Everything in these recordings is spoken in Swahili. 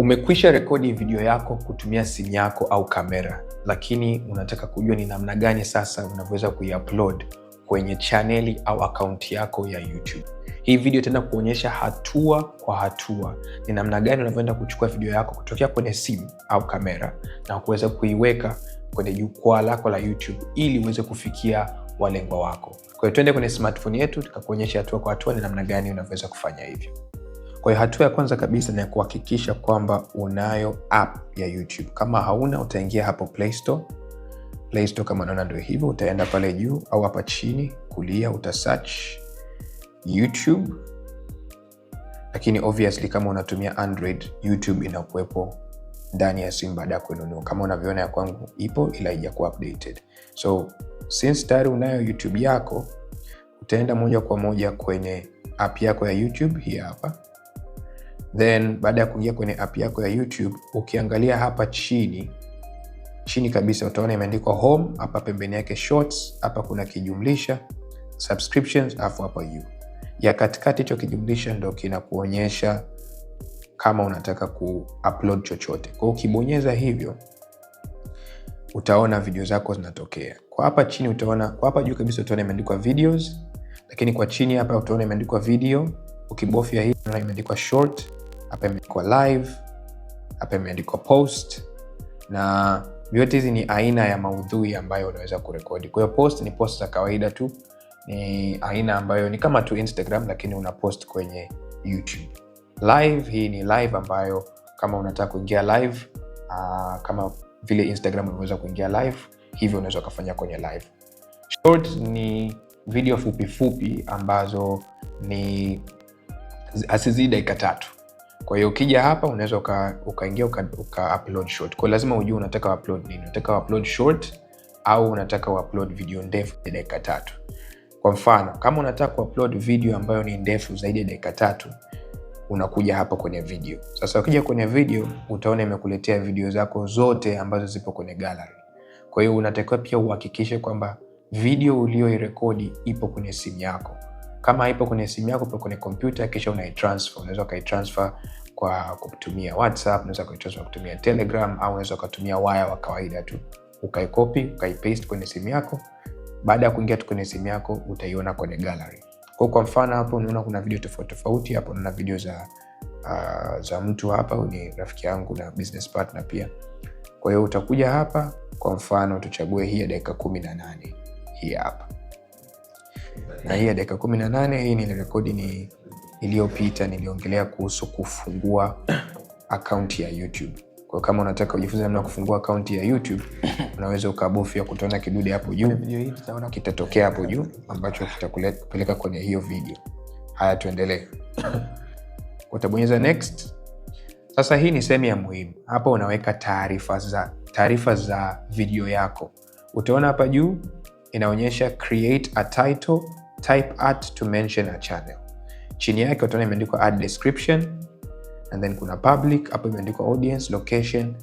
Umekwisha rekodi video yako kutumia simu yako au kamera, lakini unataka kujua ni namna gani sasa unavyoweza kuiupload kwenye chaneli au akaunti yako ya YouTube. Hii video itaenda kuonyesha hatua kwa hatua ni namna gani unavyoenda kuchukua video yako kutokea kwenye simu au kamera na kuweza kuiweka kwenye jukwaa lako la YouTube ili uweze kufikia walengwa wako. Kwa hiyo kwenye smartphone yetu tukakuonyesha hatua kwa hatua ni namna gani unavyoweza kufanya hivyo. Kwa hiyo hatua ya kwanza kabisa ni kuhakikisha kwamba unayo app ya YouTube. Kama hauna utaingia hapo Play Store. Play Store kama unaona ndio hivyo, utaenda pale juu au hapa chini kulia uta search YouTube, lakini obviously kama unatumia Android, YouTube inakuwepo ndani ya simu baada ya kuinunua. Kama unavyoona ya kwangu ipo, ila haijakuwa updated. So since tayari unayo YouTube yako, utaenda moja kwa moja kwenye app yako ya YouTube hii hapa then baada ya kuingia kwenye app yako ya YouTube ukiangalia hapa chini chini kabisa utaona imeandikwa home, hapa pembeni yake shorts, hapa kuna kijumlisha subscriptions, alafu hapa juu ya katikati hicho kijumlisha ndo kinakuonyesha kama unataka kuupload chochote. Kwa ukibonyeza hivyo utaona video zako zinatokea kwa hapa chini, utaona kwa hapa juu kabisa utaona imeandikwa videos, lakini kwa chini hapa utaona imeandikwa video. Ukibofya hii imeandikwa short hapa imeandikwa live, hapa imeandikwa post, na vyote hizi ni aina ya maudhui ambayo unaweza kurekodi. Kwa hiyo post ni post za kawaida tu, ni aina ambayo ni kama tu Instagram, lakini una post kwenye YouTube. Live hii ni live ambayo kama unataka kuingia live uh, kama vile Instagram unaweza kuingia live, hivyo unaweza ukafanya kwenye live. Short ni video fupi fupi ambazo ni hasizidi dakika tatu. Kwa hiyo ukija hapa unaweza ukaingia uka ukaupload uka short. Kwa lazima ujue unataka upload nini, unataka upload short au unataka upload video ndefu ya dakika tatu. Kwa mfano kama unataka upload video ambayo ni ndefu zaidi ya dakika tatu unakuja hapa kwenye video. Sasa ukija kwenye video utaona imekuletea video zako zote ambazo zipo kwenye gallery. Kwa hiyo unatakiwa pia uhakikishe kwamba video uliyoirekodi ipo kwenye simu yako. Kama ipo kwenye simu yako, ipo kwenye kompyuta, kisha unaitransfer. Unaweza ukaitransfer kwa kutumia WhatsApp, unaweza kuitransfer kutumia Telegram au unaweza ukatumia waya wa kawaida tu, ukaikopi ukaipaste kwenye simu yako. Baada ya kuingia tu kwenye simu yako utaiona kwenye gallery. Kwa kwa mfano hapo unaona kuna video tofauti tofauti, hapo unaona video za uh, za mtu hapa ni rafiki yangu na business partner pia. Kwa hiyo utakuja hapa, kwa mfano tuchague hii ya dakika kumi na nane hii hapa na hii ya dakika kumi na nane hii nilirekodi ni iliyopita niliongelea kuhusu kufungua akaunti ya YouTube. Kwa kama unataka ujifunze namna kufungua akaunti ya YouTube, unaweza ukabofya kutaona kidude hapo juu, kitatokea hapo juu ambacho kitakupeleka kwenye hiyo video. Haya, tuendelee. Utabonyeza next. Sasa hii ni sehemu ya muhimu hapa, unaweka taarifa za taarifa za video yako. Utaona hapa juu inaonyesha create a title, type art to mention a channel. Chini yake utaona imeandikwa add description and then kuna public, hapo imeandikwa audience, location.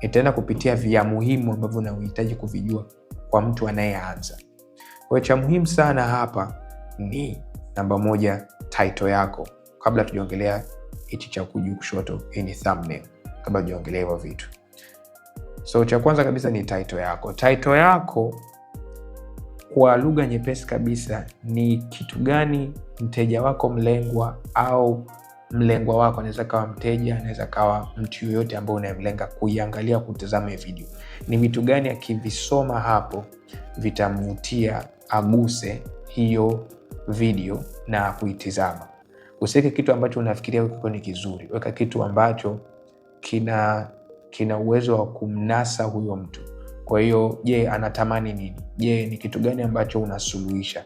Itaenda kupitia vya muhimu ambavyo unahitaji kuvijua kwa mtu anayeanza. Kwa cha muhimu sana hapa ni namba moja, title yako. Kabla tujaongelea hichi cha juu kushoto, hii ni thumbnail, kabla tujaongelea hivyo vitu. So cha kwanza kabisa ni title yako. Title yako kwa lugha nyepesi kabisa ni kitu gani mteja wako mlengwa au mlengwa wako anaweza kawa mteja, anaweza kawa mtu yoyote ambaye unayemlenga kuiangalia, kutazama hii video, ni vitu gani akivisoma hapo vitamvutia aguse hiyo video na kuitizama. Usiweke kitu ambacho unafikiria kiko ni kizuri, weka kitu ambacho kina kina uwezo wa kumnasa huyo mtu. Kwa hiyo je, anatamani nini? Je, ni kitu gani ambacho unasuluhisha?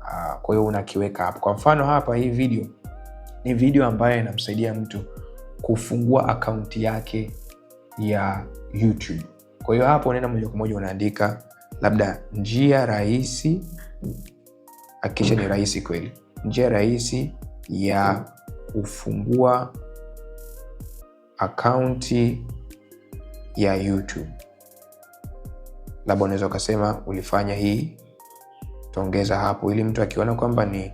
Ah, kwa hiyo unakiweka hapo. Kwa mfano hapa, hii video ni video ambayo inamsaidia mtu kufungua akaunti yake ya YouTube. Kwa hiyo hapo unaenda moja kwa moja unaandika labda njia rahisi, akikisha ni rahisi kweli, njia rahisi ya kufungua akaunti ya YouTube labda unaweza ukasema ulifanya hii tongeza hapo, ili mtu akiona kwamba ni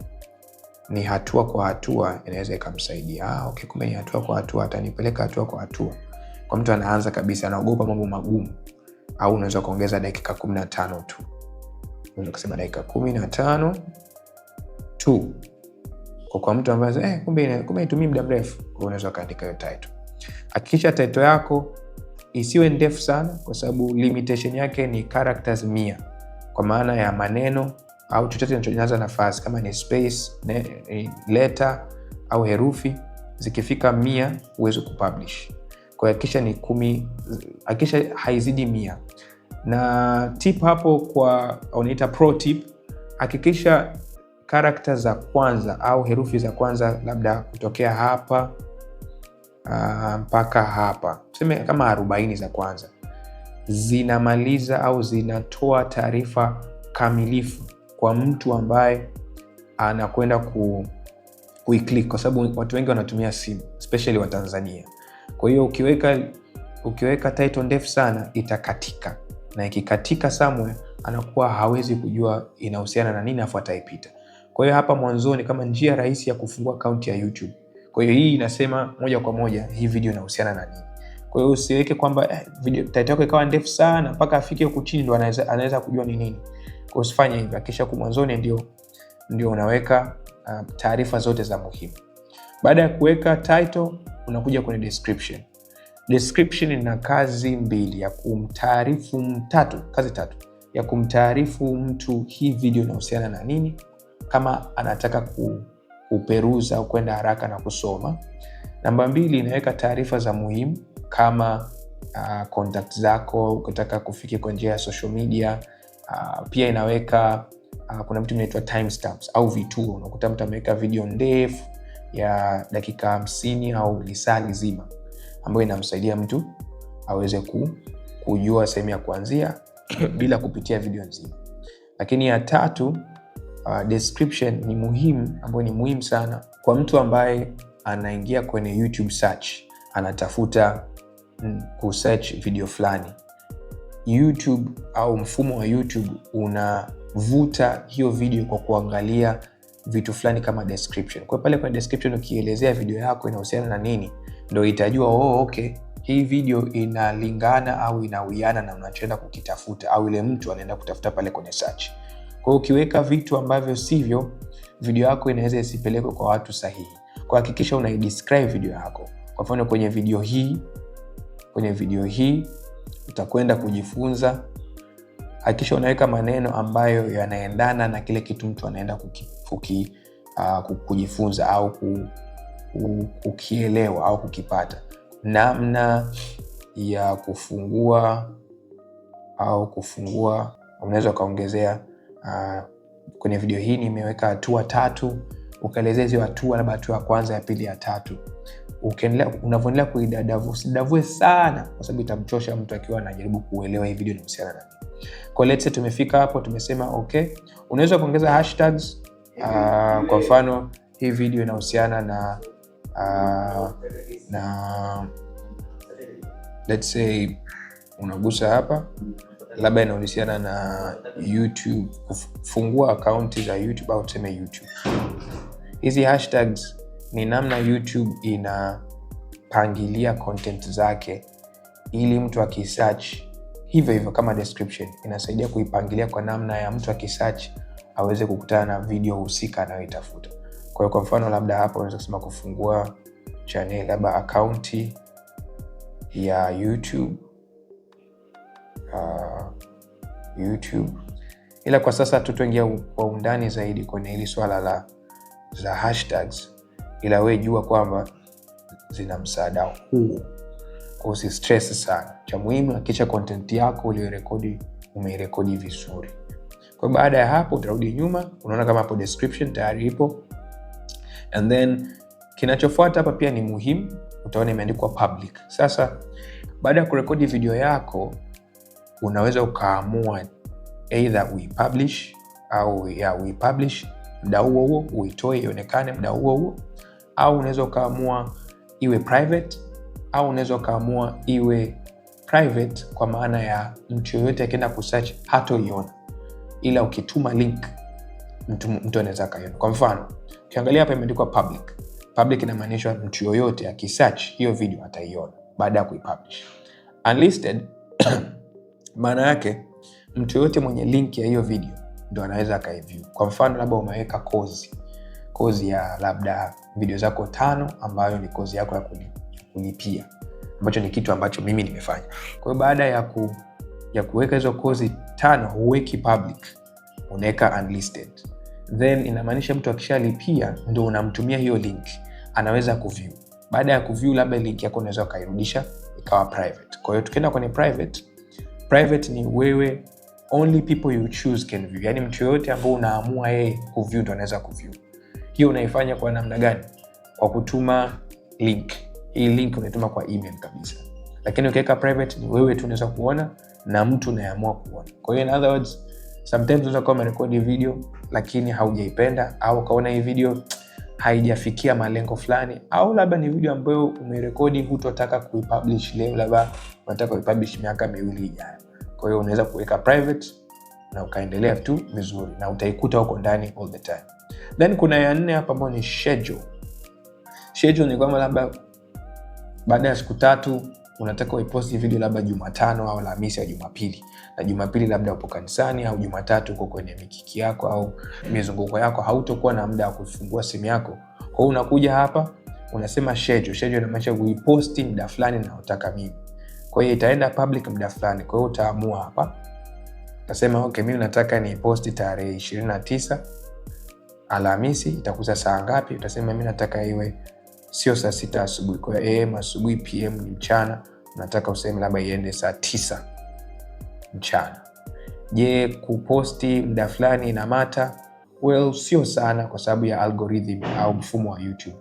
ni hatua kwa hatua inaweza ikamsaidia. Ah, okay, kumbe ni hatua kwa hatua, atanipeleka hatua kwa hatua. Kwa mtu anaanza kabisa, anaogopa mambo magumu, au unaweza ukaongeza dakika kumi na tano tu, unaweza kusema dakika kumi na tano tu kwa kwa mtu ambaye eh, kumbe kumbe itumii muda mrefu, unaweza ukaandika hiyo title. Hakikisha title yako isiwe ndefu sana, kwa sababu limitation yake ni characters mia, kwa maana ya maneno au chochote kinachojaza nafasi kama ni space, letter au herufi. Zikifika mia huwezi kupublish. Kwa hakikisha ni kumi, hakikisha haizidi mia. Na tip hapo kwa unaita pro tip, hakikisha karakta za kwanza au herufi za kwanza labda kutokea hapa uh, mpaka hapa tuseme kama arobaini za kwanza zinamaliza au zinatoa taarifa kamilifu kwa mtu ambaye anakwenda ku kuiclick kwa sababu watu wengi wanatumia simu especially wa Tanzania. Kwa hiyo ukiweka ukiweka title ndefu sana itakatika, na ikikatika samwe anakuwa hawezi kujua inahusiana na nini afu ataipita. Kwa hiyo hapa mwanzoni, kama njia rahisi ya kufungua akaunti ya YouTube kwa hiyo hii inasema moja kwa moja hii video inahusiana na nini. Kwa hiyo usiweke kwamba eh, video title yako ikawa ndefu sana mpaka afike huku chini ndo anaweza, anaweza kujua ni nini. Kwa hiyo usifanye hivyo, hakikisha huko mwanzoni ndio, ndio unaweka uh, taarifa zote za muhimu. Baada ya kuweka title unakuja kwenye description. Description ina kazi mbili ya kumtaarifu mtatu, kazi tatu ya kumtaarifu mtu hii video inahusiana na nini, kama anataka ku kuperuza au kwenda haraka na kusoma. Namba mbili, inaweka taarifa za muhimu kama uh, contact zako ukitaka kufiki kwa njia ya social media. Uh, pia inaweka uh, kuna vitu vinaitwa timestamps au vituo. Unakuta mtu ameweka video ndefu ya dakika hamsini au lisali zima ambayo inamsaidia mtu aweze ku, kujua sehemu ya kuanzia bila kupitia video nzima. Lakini ya tatu uh, description ni muhimu, ambayo ni muhimu sana kwa mtu ambaye anaingia kwenye YouTube search, anatafuta mm, kusearch video fulani. YouTube au mfumo wa YouTube unavuta hiyo video kwa kuangalia vitu fulani kama description. Kwa pale kwenye description ukielezea video yako inahusiana na nini, ndo itajua oh, okay hii video inalingana au inawiana na unachoenda kukitafuta au ile mtu anaenda kutafuta pale kwenye search. Kwa hiyo ukiweka vitu ambavyo sivyo, video yako inaweza isipelekwe kwa watu sahihi. Kwa hakikisha una describe video yako. Kwa mfano kwenye video hii, kwenye video hii utakwenda kujifunza. Hakikisha unaweka maneno ambayo yanaendana na kile kitu mtu anaenda kuki, uh, kujifunza au kukielewa au kukipata. Namna ya kufungua au kufungua, unaweza ukaongezea Uh, kwenye video hii nimeweka hatua tatu, ukaelezea hizo hatua, labda hatua ya kwanza, ya pili, ya tatu. Unavyoendelea kuidadavua, usidavue sana, kwa sababu itamchosha mtu akiwa anajaribu kuelewa hii video inahusiana na nini. Kwa let's say tumefika hapo, tumesema okay, unaweza kuongeza hashtags uh, kwa mfano hii video inahusiana na uh, na let's say unagusa hapa labda inahusiana na YouTube, kufungua akaunti za YouTube au tuseme YouTube. Hizi hashtags ni namna YouTube inapangilia content zake ili mtu akisearch hivyo hivyo kama description inasaidia kuipangilia kwa namna ya mtu akisearch aweze kukutana na video husika anayoitafuta. Kwa hiyo kwa mfano labda hapa unaweza kusema kufungua channel labda akaunti ya YouTube uh, YouTube, ila kwa sasa tutoingia kwa undani zaidi kwenye hili swala la za hashtags, ila we jua kwamba zina msaada huu. Usi stress sana, cha muhimu hakikisha content yako uliyorekodi umeirekodi vizuri. Kwa baada ya hapo utarudi nyuma, unaona kama hapo description tayari ipo, and then kinachofuata hapa pia ni muhimu, utaona imeandikwa public. Sasa baada ya kurekodi video yako unaweza ukaamua either uipublish au ya uipublish mda huo huo uitoe ionekane mda huo huo, au unaweza ukaamua iwe private au unaweza ukaamua iwe private kwa maana ya mtu yoyote akienda kusearch hatoiona, ila ukituma link mtu, mtu anaweza akaiona. Kwa mfano ukiangalia hapa imeandikwa public. Public inamaanisha mtu yoyote akisearch hiyo video ataiona baada ya kuipublish. Unlisted maana yake mtu yoyote mwenye link ya hiyo video ndo anaweza akaiview. Kwa mfano, labda umeweka kozi kozi ya labda video zako tano, ambayo ni kozi yako ya kulipia, ambacho ni kitu ambacho mimi nimefanya. Kwa hiyo baada ya ku, ya kuweka hizo kozi tano, huweki public, unaweka unlisted, then inamaanisha mtu akishalipia ndo unamtumia hiyo link, anaweza kuview. Baada ya kuview, labda link yako unaweza ukairudisha ikawa private. Kwa hiyo tukienda kwenye private Private ni wewe, only people you choose can view, yani mtu yoyote ambao unaamua yeye kuview ndo anaweza kuview. Hiyo unaifanya kwa namna gani? Kwa kutuma link. Hii link unaituma kwa email kabisa, lakini ukiweka private ni wewe tu unaweza kuona na mtu unayeamua kuona. Kwa hiyo in other words, sometimes unaweza kuwa umerekodi video lakini haujaipenda au ukaona hii video haijafikia malengo fulani, au labda ni video ambayo umerekodi hutotaka kuipublish leo, labda unataka kuipublish miaka miwili ijayo. Kwa hiyo unaweza kuweka private na ukaendelea tu vizuri, na utaikuta huko ndani all the time. Then kuna ya nne hapa ambayo ni schedule. Schedule ni kwamba labda baada ya siku tatu unataka uiposti video labda Jumatano au Alhamisi au Jumapili, na Jumapili labda upo kanisani au Jumatatu uko kwenye mikiki yako au mizunguko yako, hautokuwa na muda wa kufungua simu yako. Kwa hiyo unakuja hapa unasema schedule. Schedule inamaanisha kuiposti muda fulani naotaka mimi kwa hiyo itaenda public muda fulani. Kwa hiyo utaamua hapa, utasema okay, mimi nataka ni posti tarehe ishirini na tisa Alhamisi, itakuza saa ngapi? Utasema mimi nataka iwe sio saa sita asubuhi, kwa am asubuhi, pm ni mchana. Nataka useme labda iende saa tisa mchana. Je, kuposti muda fulani inamata? Well, sio sana, kwa sababu ya algorithm au mfumo wa YouTube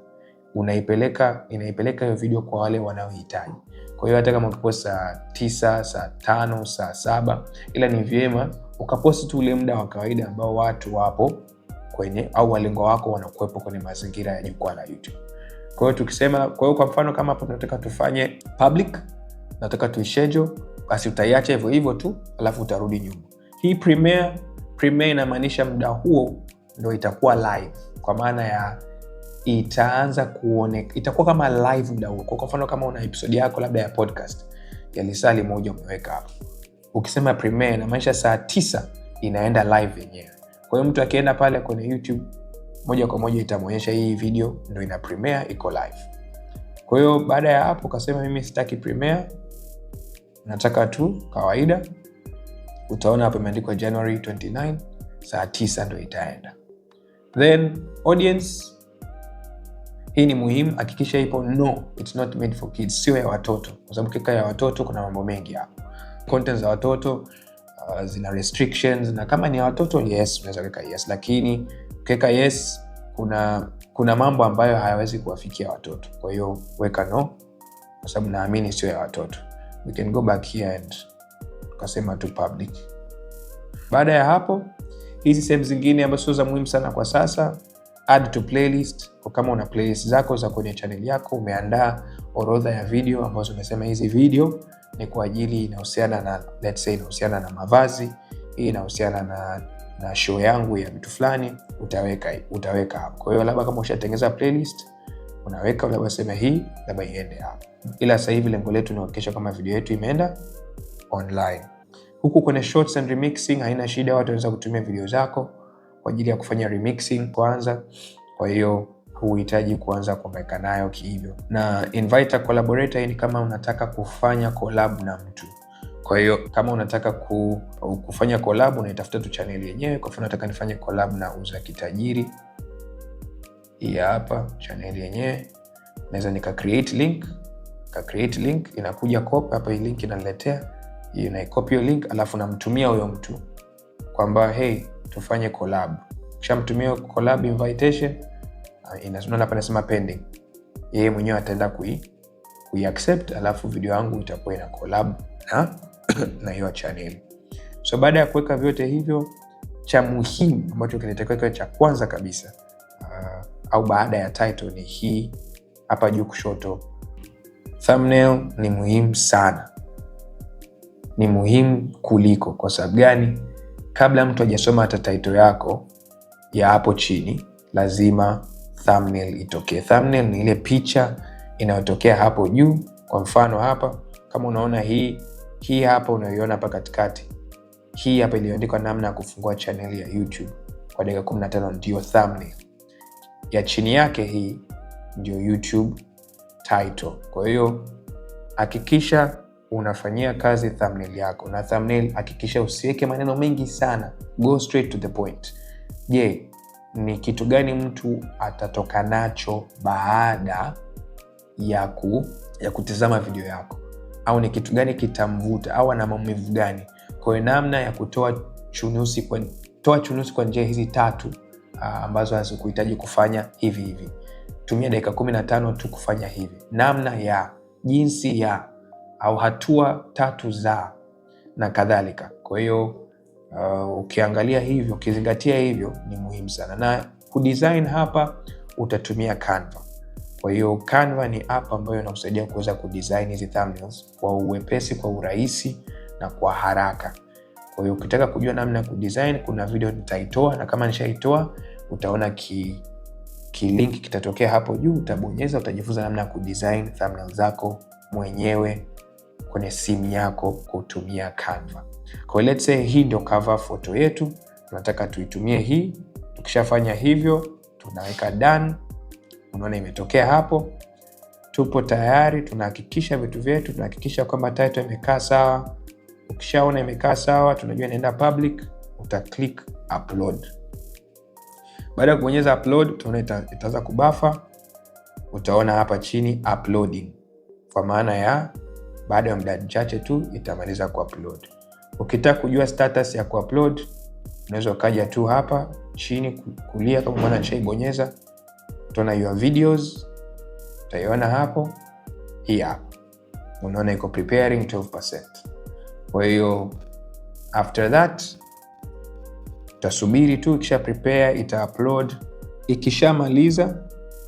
unaipeleka inaipeleka hiyo video kwa wale wanaohitaji. Kwa hiyo hata kama ukipost saa tisa, saa tano, saa saba, ila ni vyema ukaposti tu ule muda wa kawaida ambao watu wapo kwenye au walengwa wako wanakuwepo kwenye mazingira ya jukwaa la YouTube. Kwa hiyo tukisema, kwa hiyo kwa mfano kama hapo tunataka tufanye public, nataka tuishejo basi utaiacha hivyo hivyo tu, alafu utarudi nyuma. Hii premiere, premiere inamaanisha muda huo ndio itakuwa live kwa maana ya itaanza kuonekana, itakuwa kama live mda huo. Kwa mfano kama una episode yako labda ya podcast ya lisali moja umeweka hapo, ukisema premiere inamaanisha saa tisa inaenda live yenyewe. Kwa hiyo mtu akienda pale kwenye YouTube moja kwa moja itamwonyesha hii video ndo ina premiere, iko live. Kwa hiyo baada ya hapo ukasema mimi sitaki premiere, nataka tu kawaida. Utaona hapo imeandikwa January 29 saa tisa ndo itaenda, then audience hii ni muhimu, hakikisha ipo no, it's not made for kids, sio ya watoto, kwa sababu kika ya watoto kuna mambo mengi hapo. Content za watoto uh, zina restrictions na kama ni ya watoto yes, unaweza kuweka yes, lakini ukiweka yes kuna kuna mambo ambayo hayawezi kuwafikia watoto, kwa hiyo weka no, kwa sababu naamini sio ya watoto. We can go back here and tukasema tu public. Baada ya hapo, hizi sehemu zingine ambazo sio za muhimu sana kwa sasa add to playlist, kwa kama una playlist zako za kwenye channel yako, umeandaa orodha ya video ambazo umesema hizi video ni kwa ajili inahusiana na let's say inahusiana na mavazi, hii inahusiana na na show yangu ya mtu fulani, utaweka utaweka hapo. Kwa hiyo labda kama ushatengeneza playlist unaweka labda sema hii labda iende hapo, ila sasa hivi lengo letu ni kuhakikisha kama video yetu imeenda online. Huku kwenye shorts and remixing haina shida, watu wanaweza kutumia video zako kwa ajili ya kufanya remixing kwanza, kwa hiyo huhitaji kuanza kuangaika nayo kihivyo. Na inviter collaborator, ni kama unataka kufanya collab na mtu kwa hiyo kama unataka ku, kufanya collab unaitafuta tu channel yenyewe. Kwa mfano nataka nifanye collab na Uza Kitajiri, hii hapa channel yenyewe. Naweza nika create link, ka create link inakuja copy hapa, hii link inaniletea, inai copy hiyo link, alafu namtumia huyo mtu kwamba hey, tufanye collab. Ukishamtumia collab invitation, uh, inaona pale nasema pending, yeye mwenyewe ataenda kui kui accept, alafu video yangu itakuwa ina collab na na hiyo channel. So baada ya kuweka vyote hivyo, cha muhimu ambacho kinatakiwa cha kwanza kabisa uh, au baada ya title ni hii hapa juu kushoto. Thumbnail ni muhimu sana, ni muhimu kuliko. Kwa sababu gani? kabla mtu hajasoma hata title yako ya hapo chini, lazima thumbnail itokee. Thumbnail ni ile picha inayotokea hapo juu. Kwa mfano hapa kama unaona hii hii hapa unayoiona hapa katikati, hii hapa iliyoandikwa namna ya kufungua chaneli ya YouTube kwa dakika 15 ndio thumbnail ya chini yake, hii ndio YouTube title. Kwa hiyo hakikisha unafanyia kazi thumbnail yako, na thumbnail hakikisha usiweke maneno mengi sana, go straight to the point. Je, ni kitu gani mtu atatoka nacho baada ya, ku, ya kutizama video yako, au ni kitu gani kitamvuta, au ana maumivu gani? kwayo namna ya kutoa chunusi kwa, toa chunusi kwa njia hizi tatu ah, ambazo hazikuhitaji kufanya hivi hivi. Tumia dakika 15 tu kufanya hivi, namna ya jinsi ya au hatua tatu za na kadhalika. Kwa hiyo uh, ukiangalia hivyo, ukizingatia hivyo ni muhimu sana, na kudesign hapa utatumia Canva. Kwa hiyo Canva ni app ambayo inakusaidia kuweza kudesign hizi thumbnails kwa uwepesi, kwa urahisi na kwa haraka. Kwa hiyo ukitaka kujua namna ya kudesign, kuna video nitaitoa, na kama nishaitoa utaona ki kilinki kitatokea hapo juu, utabonyeza, utajifunza namna ya kudesign thumbnail zako mwenyewe kwenye simu yako kutumia Canva. Kwa let's say hii ndio cover photo yetu, tunataka tuitumie hii. Tukishafanya hivyo, tunaweka done. Unaona imetokea hapo, tupo tayari, tunahakikisha vitu vyetu, tunahakikisha kwamba title imekaa sawa. Ukishaona imekaa sawa, tunajua inaenda public, uta click upload. Baada ya kubonyeza upload, utaona itaanza kubafa. Utaona hapa chini uploading, kwa maana ya baada ya muda mchache tu itamaliza kuupload. Ukitaka kujua status ya kuupload, unaweza ukaja tu hapa chini kulia, kama umeona nishaibonyeza, utaona your videos, utaiona hapo. Hii hapa unaona iko preparing 12%. Kwa hiyo after that utasubiri tu, ikisha prepare ita upload, ikishamaliza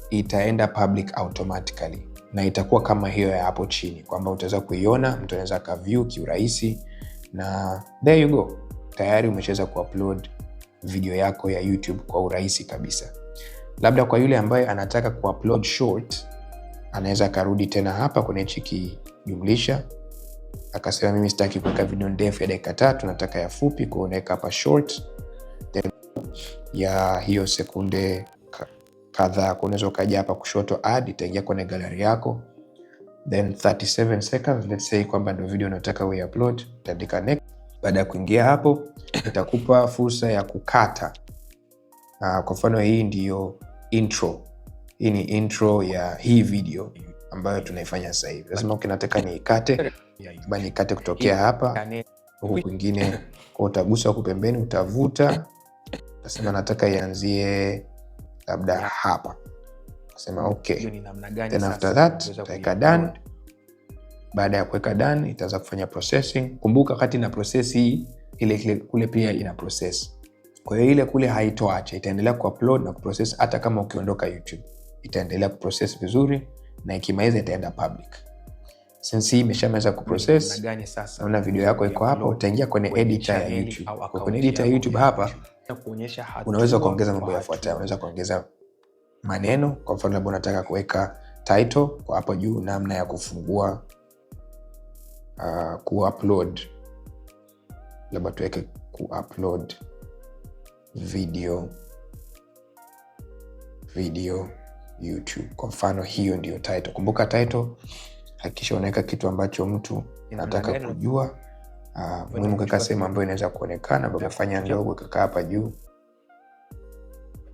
itaenda public automatically na itakuwa kama hiyo ya hapo chini kwamba utaweza kuiona, mtu anaweza akaview kiurahisi, na there you go, tayari umeshaweza kuupload video yako ya YouTube kwa urahisi kabisa. Labda kwa yule ambaye anataka kuupload short, anaweza akarudi tena hapa kwenye hichi kijumlisha, akasema mimi sitaki kuweka video ndefu ya dakika tatu, nataka ya fupi, kwa unaweka hapa short, ya hiyo sekunde kadhaa. Unaweza ukaja hapa kushoto add, itaingia kwenye gallery yako, then 37 seconds, let's say kwamba ndio video unataka we upload, utaandika next. Baada ya kuingia hapo, itakupa fursa ya kukata. Uh, Kwa mfano hii ndiyo intro, hii ni intro ya hii video ambayo tunaifanya sasa hivi. Lazima ukinataka niikate, ba niikate kutokea hapa huku kwingine, kwa utagusa huku pembeni, utavuta, utasema nataka ianzie labda hapa sema okay. Then after that utaweka dan Baada ya kuweka dan itaweza kufanya processing. Kumbuka kati na process hii ile kule, pia ina proses kwahiyo ile kule haitoacha, itaendelea kuupload na kuproses hata kama ukiondoka YouTube itaendelea kuproses vizuri, na ikimaliza itaenda public. sinsi hii imeshamaliza kuprocess, naona video yako iko hapa, utaingia kwenye editor ya YouTube. Kwenye editor ya YouTube hapa unaweza ukaongeza mambo yafuatayo. Unaweza kuongeza maneno, kwa mfano labda unataka kuweka title kwa hapo juu, namna ya kufungua uh, kuupload, labda tuweke kuupload video video YouTube kwa mfano, hiyo ndiyo title. Kumbuka title, hakikisha unaweka kitu ambacho mtu anataka kujua Ah, muhimu kaka, sehemu ambayo inaweza kuonekana, ambayo kafanya ndogo kakaa hapa juu,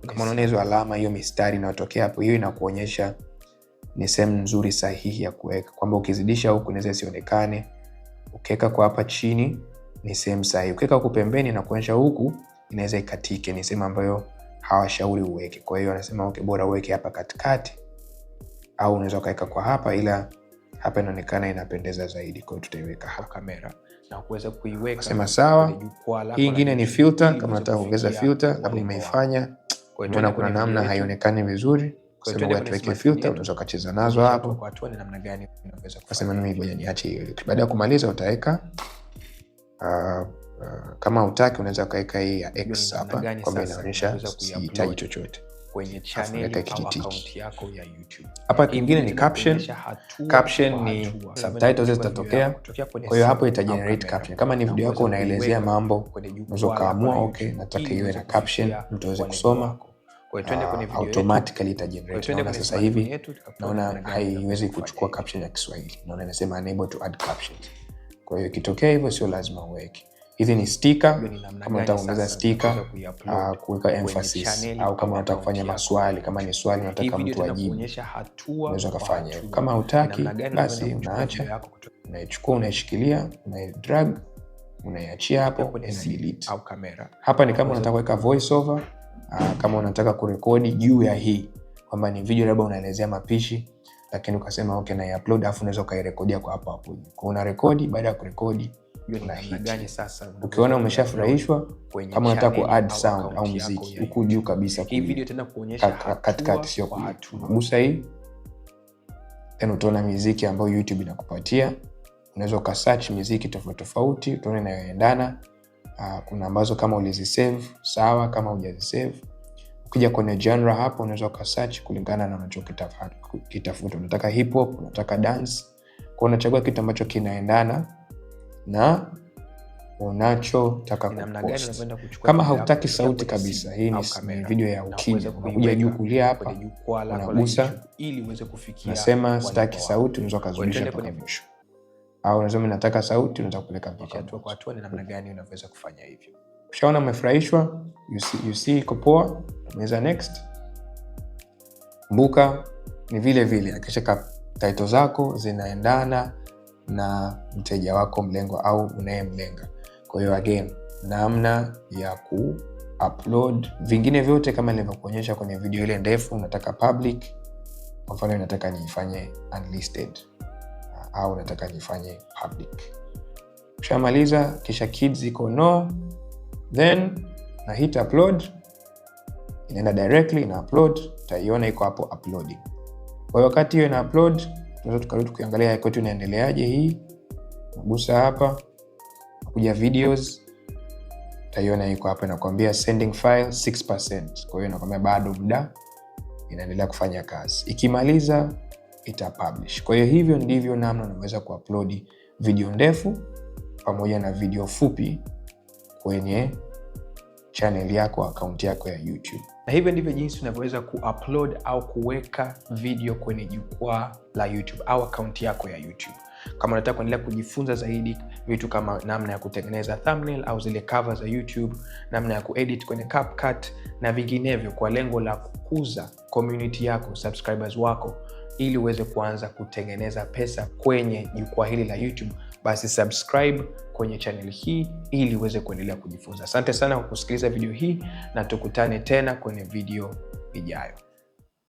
kama unaona hizo alama, hiyo mistari inayotokea hapo, hiyo inakuonyesha ni sehemu nzuri sahihi ya kuweka, kwamba ukizidisha huku inaweza isionekane. Ukiweka kwa hapa chini ni sehemu sahihi, ukiweka huku pembeni na huku inaweza ikatike, ni sehemu ambayo hawashauri uweke. Kwa hiyo anasema okay, bora uweke hapa katikati, au unaweza ukaweka kwa hapa, ila hapa inaonekana inapendeza zaidi, kwao tutaiweka hapa kamera Sema sawa, hii ingine ni filter. Kama nataka kuongeza filter, kama nimeifanya umeona kuna namna haionekani vizuri, tuweke filter, unaweza ukacheza nazo hapo. Kasema mimi ngoja niache hiyo. Baada ya kumaliza utaweka uh, uh, kama utaki, unaweza ukaweka hii ya x hapa, kwamba inaonyesha sihitaji chochote kwenye channel yako ya YouTube. Hapa kingine ni caption. Caption ni subtitles zitatokea. Kwa hiyo hapo ita generate caption. Kama ni video yako unaelezea mambo, unaweza kaamua okay, nataka iwe na caption mtu aweze kusoma. Ah, automatically ita generate. Naona sasa hivi naona haiwezi kuchukua caption ya Kiswahili. Naona inasema unable to add captions. Kwa hiyo ikitokea hivyo sio lazima uweke hizi ni stika, kama utaongeza stika, ah, kuweka emphasis, au kama unataka kufanya maswali, kama ni swali unataka mtu ajibu, unaweza kufanya Kama hutaki, basi unaacha, unaichukua, unaishikilia, unaidrag, unaiachia hapo, una Hapa ni kama unataka kuweka voice over, ah, kama unataka kurekodi juu ya hii kwamba ni video labda unaelezea mapishi lakini ukasema okay, na upload afu unaweza ukairekodia kwa hapo hapo. Kwa una rekodi, baada ya kurekodi ukiona umeshafurahishwa, kama unataka ku add sound au muziki huku juu kabisa katikati, sio kugusa hii then utaona muziki ambayo YouTube inakupatia. Unaweza ukasearch muziki tofauti tofauti, utaona inayoendana. Ah, kuna ambazo kama ulizisave sawa, kama hujazisave Ukija kwenye genre hapo, unaweza ukasearch kulingana na unachokitafuta. Unataka hip hop, unataka dance, kwa unachagua kitu ambacho kinaendana na unachotaka kupost. Kama hautaki sauti kabisa, hii ni video ya ukimya, unakuja juu kulia hapa, unagusa, nasema sitaki sauti, unaweza ukazungusha mpaka mwisho, au unasema nataka sauti, unaweza kupeleka mpaka. Kwa hatua ni namna gani unaweza kufanya hivyo. Ushaona umefurahishwa, you see iko poa, meza next. Kumbuka ni vile vile, hakikisha ka title zako zinaendana na mteja wako mlengwa au unayemlenga. Kwa hiyo again, namna ya ku upload vingine vyote kama nilivyokuonyesha kwenye video ile ndefu. Unataka public, kwa mfano nataka niifanye unlisted au nataka niifanye public. Ushamaliza, kisha kids iko no then na hit upload, inaenda directly na upload, utaiona iko hapo uploading. Kwa hiyo wakati hiyo ina upload, tunaweza tukarudi kuangalia iko inaendeleaje. Hii nagusa hapa, kuja videos, utaiona iko hapo inakwambia sending file 6%. Kwa hiyo inakwambia bado muda, inaendelea kufanya kazi, ikimaliza ita publish. Kwa hiyo hivyo ndivyo namna unaweza kuupload video ndefu pamoja na video fupi kwenye channel yako, akaunti yako ya YouTube. Na hivyo ndivyo jinsi unavyoweza kuupload au kuweka video kwenye jukwaa la YouTube au akaunti yako ya YouTube. Kama unataka kuendelea kujifunza zaidi vitu kama namna ya kutengeneza thumbnail au zile cover za YouTube, namna ya kuedit kwenye CapCut na vinginevyo, kwa lengo la kukuza community yako, subscribers wako, ili uweze kuanza kutengeneza pesa kwenye jukwaa hili la YouTube, basi subscribe kwenye channel hii ili uweze kuendelea kujifunza. Asante sana kwa kusikiliza video hii na tukutane tena kwenye video ijayo.